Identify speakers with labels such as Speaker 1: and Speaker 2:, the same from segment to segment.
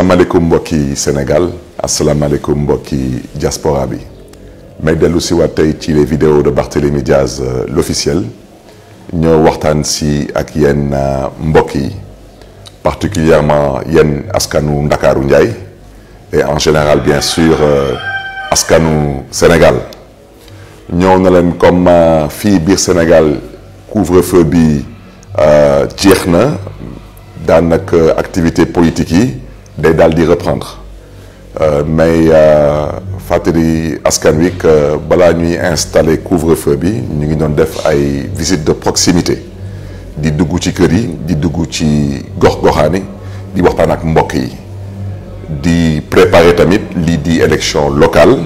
Speaker 1: asalaamaaleykum mbokki Sénégal asalaamaaleykum mbokki diaspora bi may dellu si waat tey ci les vidéos de Barthélémy Diaz euh, l'officiel ñoo waxtaan si ak yenn euh, mbokk yi particulièrement yenn askanu Ndakaaru Ndiaye et en général bien sûr euh, askanu Sénégal ñëw na leen comme fii biir Sénégal couvre-feu bi jeex na daanaka activité politique yi day daal di reprendre euh, mais euh, fàttali askan wi que balaa ñuy installé couvre-feu bi ñu ngi doon def ay visite de proximité di dugg ci kër yi di dugg ci gox-goxaani di waxtaan ak mbokk yi di préparer tamit lii di élection locale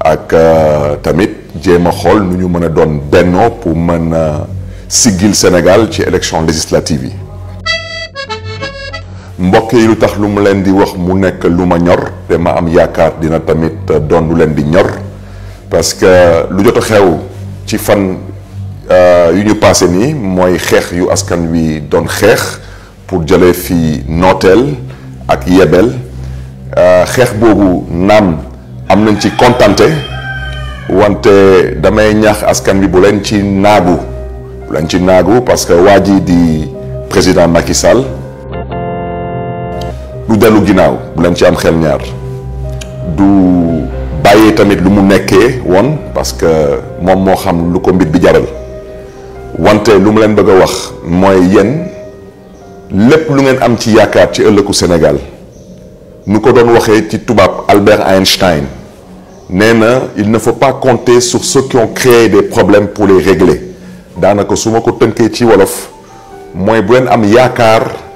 Speaker 1: ak euh, tamit jéem a xool nu ñu mën a doon bennoo pour mën a siggil Sénégal ci élection législative yi. mbokk yi lu tax lu ma leen di wax mu nekk lu ma ñor te ma am yaakaar dina tamit doon lu leen di ñor parce que lu jot a xew ci fan euh, yu ñu paase nii mooy xeex yu askan wi doon xeex pour jële fi nooteel ak yebel euh, xeex boobu naam am nañ ci kontante wante damay ñaax askan wi bu leen ci naagu bu leen ci naagu parce que waa ji di président Macky Sall dellu ginnaaw bu leen ci am xel ñaar du bàyyi tamit lu mu nekkee woon parce que moom moo xam lu ko mbir bi jaral wante lu ma leen bëgg wax mooy yéen lépp lu ngeen am ci yaakaar ci ëllëgu Sénégal nu ko doon waxee ci tubaab Albert Einstein nee na il ne faut pas compter sur ceux qui ont créé des problèmes pour les régler daanaka su ma ko tënkee ci wolof mooy bu leen am yaakaar.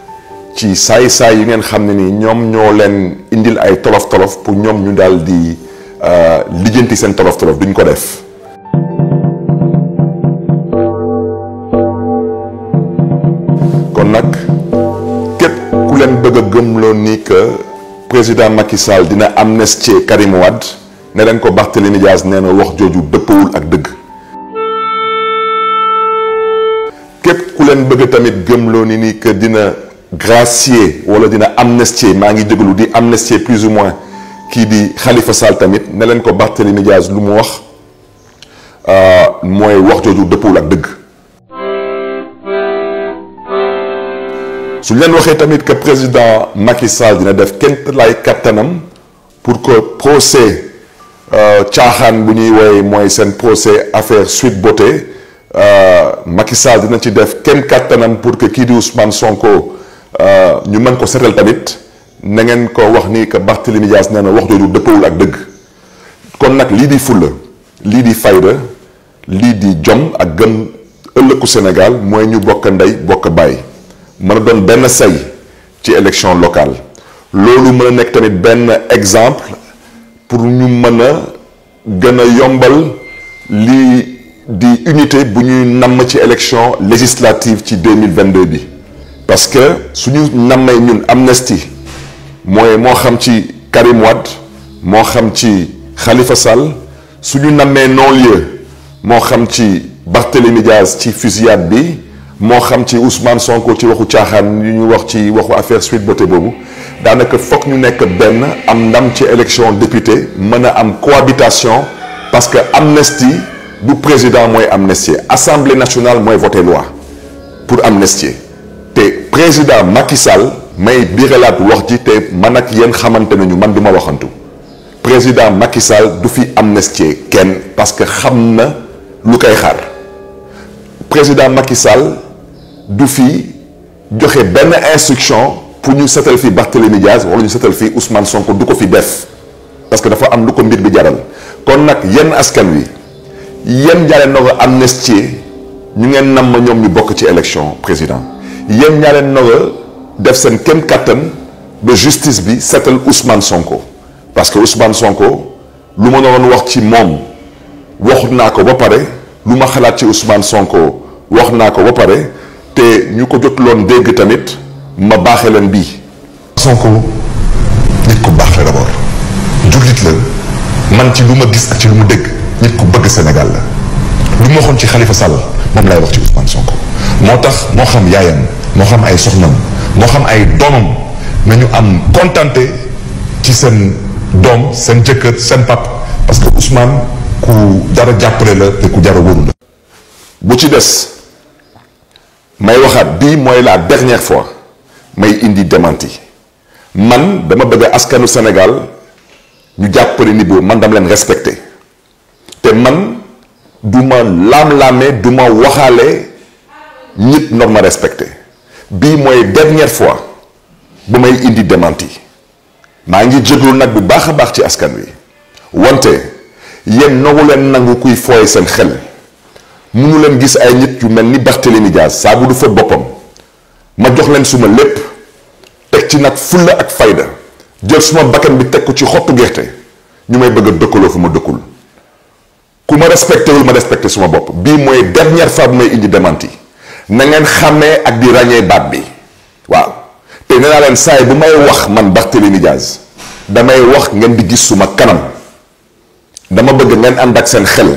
Speaker 1: ci saay-saay yi ngeen xam ne ni ñoom ñoo leen indil ay tolof-tolof pour ñoom ñu daal di euh, lijjanti seen tolof-tolof duñ ko def. kon nag képp ku leen bëgg a gëmloo ni que président Macky Sall dina amnistie Karim ne leen ko Barthélémy Dias nee na wax jooju dëppawul ak dëgg. képp ku leen bëgg tamit gëmloo ni ni que dina. gracier wala dina amnistier maa ngi jégalu di amnistier plus ou moins kii di Khalifa Sall tamit ne leen ko Barthélémy Dias lu mu wax euh, mooy wax jooju dëppul ak dëgg. su leen waxee tamit que président Macky Sall dina def kent lay tanam pour que procès euh, caaxaan bu ñuy mooy seen procès affaire Sweet Beauté euh, Macky Sall dina ci def kenn kattanam pour que kii di Ousmane Sonko. Euh, ñu mën ko seetal tamit na ngeen ko wax ni que Barthélémy Dias nee na wax jooju dëppawul ak dëgg kon nag lii di fulla lii di fayda lii di jom ak gëm ëllëgu Sénégal mooy ñu bokk ndey bokk bàyyi mën a doon benn say ci élection locale loolu mën a nekk tamit benn exemple pour ñu mën a gën a yombal lii di unité bu ñuy namm ci élection législative ci 2022 bi parce que suñu nammee ñun amnistie mooy moo xam ci Karim moo xam ci Khalifa Sall suñu nammee non-lieu moo xam ci Barthélémy Diaz ci fusillade bi moo xam ci Ousmane Sonko ci waxu caaxaan yu ñu wax ci waxu affaire Sweet Beauté boobu daanaka foog ñu nekk benn am ndam ci élection député mën a am cohabitation parce que amnistie du président mooy amnistier assemblée nationale mooy voté loi pour amnistier te président Macky Sall may biralaat wax ji te man ak yéen xamante nañu man du ma waxantu président Macky Sall du fi amnistie kenn parce que xam na lu koy xaar président makisal du fi joxe benn instruction pour ñu setal fi Barthélémy Diaz wala ñu setal fi Ousmane Sonko du ko fi def parce que dafa am lu ko mbir bi jaral kon nag yenn askan wi yenn jaaree na ko amnistie ñu ngeen nam ma ñoom ñu bokk ci élection président. yéen ñaa leen noga def seen kem kàttan ba justice bi seetal Ousmane Sonko parce que Ousmane Sonko lu ma doon wax ci moom wax naa ko ba pare lu ma xalaat ci Ousmane Sonko wax naa ko ba pare te ñu ko jot loon dégg tamit ma baaxe leen bii. Sonko nit ko baax la d'abord jullit la man ci lu ma gis ci lu mu dégg nit ko bëgg Sénégal la lu ma waxoon ci Khalifa sàll moom lay wax ci Ousmane Sonko moo tax moo xam yaayam. moo xam ay soxna moo xam ay doomam nañu am contenté ci seen doom seen jëkkër seen pap parce que Ousmane ku dara jàppale la te ku dara wóoru bu ci des may waxaat bii mooy la dernière fois may indi demanti man dama bëgg askanu Sénégal ñu jàppale ni boobu man dama leen respecté te man du ma laam-laame du ma waxaale ñit norma respecté bii mooy dernière fois bu may indi démenti maa ngi jéglu nag bu baax a baax ci askan wi wante yéen nangu leen nangu kuy fooye seen xel mënu leen gis ay nit yu mel ni Barthélémy Dias saa bu du fa boppam ma jox leen suma lépp teg ci nag fulla ak fayda jël suma bakkan bi teg ko ci xottu gerte ñu may bëgg dëkkaloo fu ma dëkkul ku ma respecté wul ma respecté suma bopp bii mooy dernière fois bu may indi démenti na ngeen xàmmee ak di ràññee baat bi waaw te nee naa leen saay bu may wax man Barthélémy Diaz damay wax ngeen di gis suma kanam dama bëgg ngeen am ak seen xel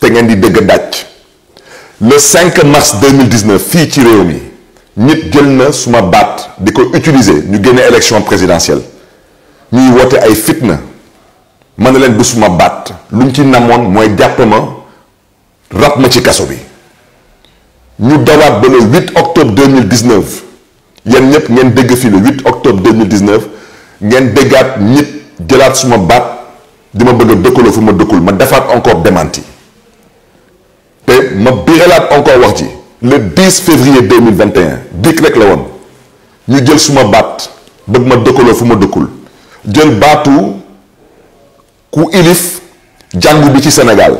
Speaker 1: te ngeen di dëgg dàcc le 5 mars 2019 fii ci réew mi nit jël na suma baat di ko utiliser ñu génne élection présidentielle ñuy woote ay fitna mën na leen bu suma baat lu ñu ci namoon mooy jàpp ma rab ma ci kaso bi ñu dawaat ba le 8 octobre 2019 yéen ñëpp ngeen dégg fii le 8 octobre 2019 ngeen déggaat nit jëlaat suma baat di ma bëgg a dëkkaloo fu ma dëkkul ma defaat encore démenti te ma biiralaat encore wax ji le 10 février 2021 dikk rek la woon ñu jël suma baat bëgg ma dëkkaloo fu ma dëkkul jël baatu ku ilif jàngu bi ci senegal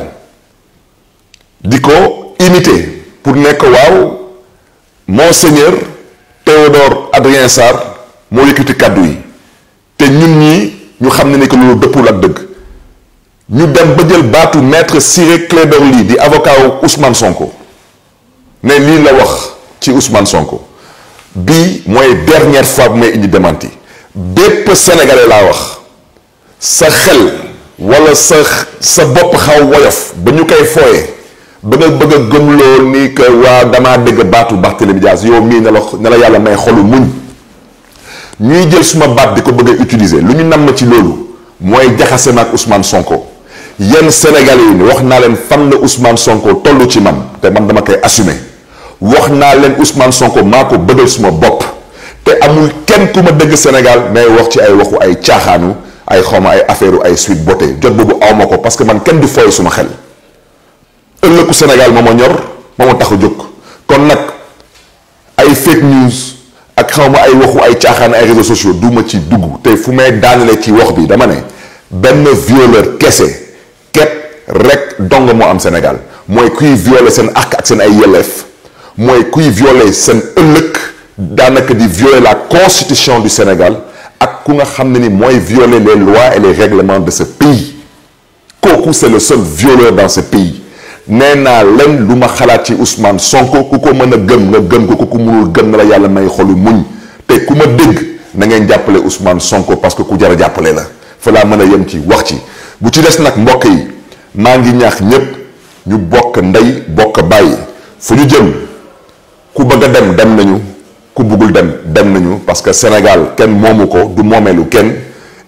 Speaker 1: di ko imité pour nekk waaw monseigneur Théodore Adrien Sarr moo yëkkati kàddu yi te ñun ñi ñu xam ne ni que loolu dëppul ak dëgg ñu dem ba jël baatu maître Ciré Clédor Ly di avocat wu Ousmane Sonko ne lii la wax ci Ousmane Sonko bii mooy dernière fois bu may indi demanti bépp sénégalais laa wax sa xel wala sa sa bopp xaw woyof ba ñu koy fooye ba nga bëgg a gëmloo nii que waa damaa dégg baatu Barthélémy Dias yow mii ne la ne la yàlla may xolu muñ ñuy jël suma baat di ko bëgg utiliser lu ñu nam ci loolu mooy jaxase ma ak Ousmane Sonko yenn Sénégalais yi wax naa leen fan la Ousmane Sonko toll ci man te man dama koy assumer wax naa leen Ousmane Sonko maa ko bëggal suma bopp te amul kenn ku ma dëgg Sénégal may wax ci ay waxu ay caaxaanu ay xawma ay affaire ay suite beauté jot boobu awma ko parce que man kenn du fooy suma xel. ëllëgu Sénégal ma ma ñor ma ma tax a jóg kon nag ay fake news ak xaw ay waxu ay caaxaan ay réseaux sociaux du ci dugg te fu may daanale ci wax bi dama ne benn violeur kese képp rek dong moo am Sénégal mooy kuy violer seen ak ak seen ay yelleef mooy kuy violer seen ëllëg daanaka di violer la constitution du Sénégal ak ku nga xam ne ni mooy violer les lois et les règlements de ce pays kooku c'est le seul violeur dans ce pays nee naa leen lu ma xalaat ci Ousmane Sonko ku ko mën a gëm nga gëm ko ku ko mënul gëm na la yàlla may xolu muñ te ku ma dégg na ngeen jàppale Ousmane Sonko parce que ku jara jàppale la fa laa mën a yem ci wax ci bu ci des nag mbokk yi maa ngi ñaax ñépp ñu bokk ndey bokk bàyyi fu ñu jëm ku bëgg a dem dem nañu ku bëggul dem dem nañu parce que Sénégal kenn moomu ko du moomeelu kenn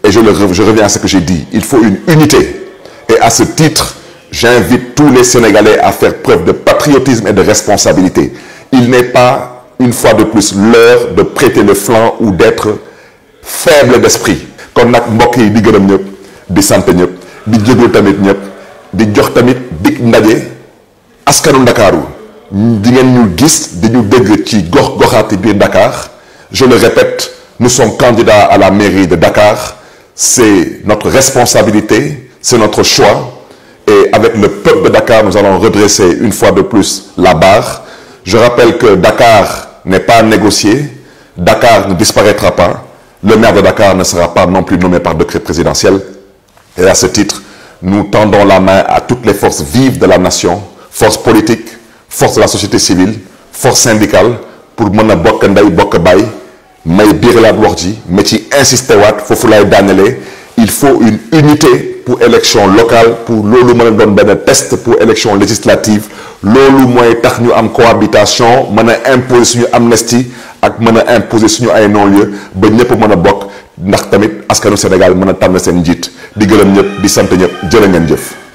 Speaker 1: et je le je reviens à ce que j'ai dit il faut une unité et à ce titre J'invite tous les Sénégalais à faire preuve de patriotisme et de responsabilité. Il n'est pas, une fois de plus, l'heure de prêter le flanc ou d'être faible d'esprit. kon nag mbokk yi di gërëm ñëpp di sant ñëpp di jéglu tamit ñëpp di jox tamit dig ndaje askanu Ndakaaru di ngeen gis di ñu dégg ci gox goxaati biir Dakar je le répète nous sommes candidats à la mairie de Dakar c'est notre responsabilité c'est notre choix Et avec le peuple de Dakar, nous allons redresser une fois de plus la barre. Je rappelle que Dakar n'est pas négocié. Dakar ne disparaîtra pas. Le maire de Dakar ne sera pas non plus nommé par décret présidentiel. Et à ce titre, nous tendons la main à toutes les forces vives de la nation, forces politiques, forces de la société civile, forces syndicales, pour mën a bokk ndey bokk baay may biiralaat wax ji mais ci insister waat il faut une unité pour élection locale pour loolu mën a doon benn test pour élection législative loolu mooy tax ñu am cohabitation mën a imposer suñu amnistie ak mën a imposer suñu ay non-lieu ba ñëpp mën a bokk ndax tamit askanu Sénégal mën a tànn seen njiit di gërëm ñëpp di sant ñëpp jërë ngeen jëf.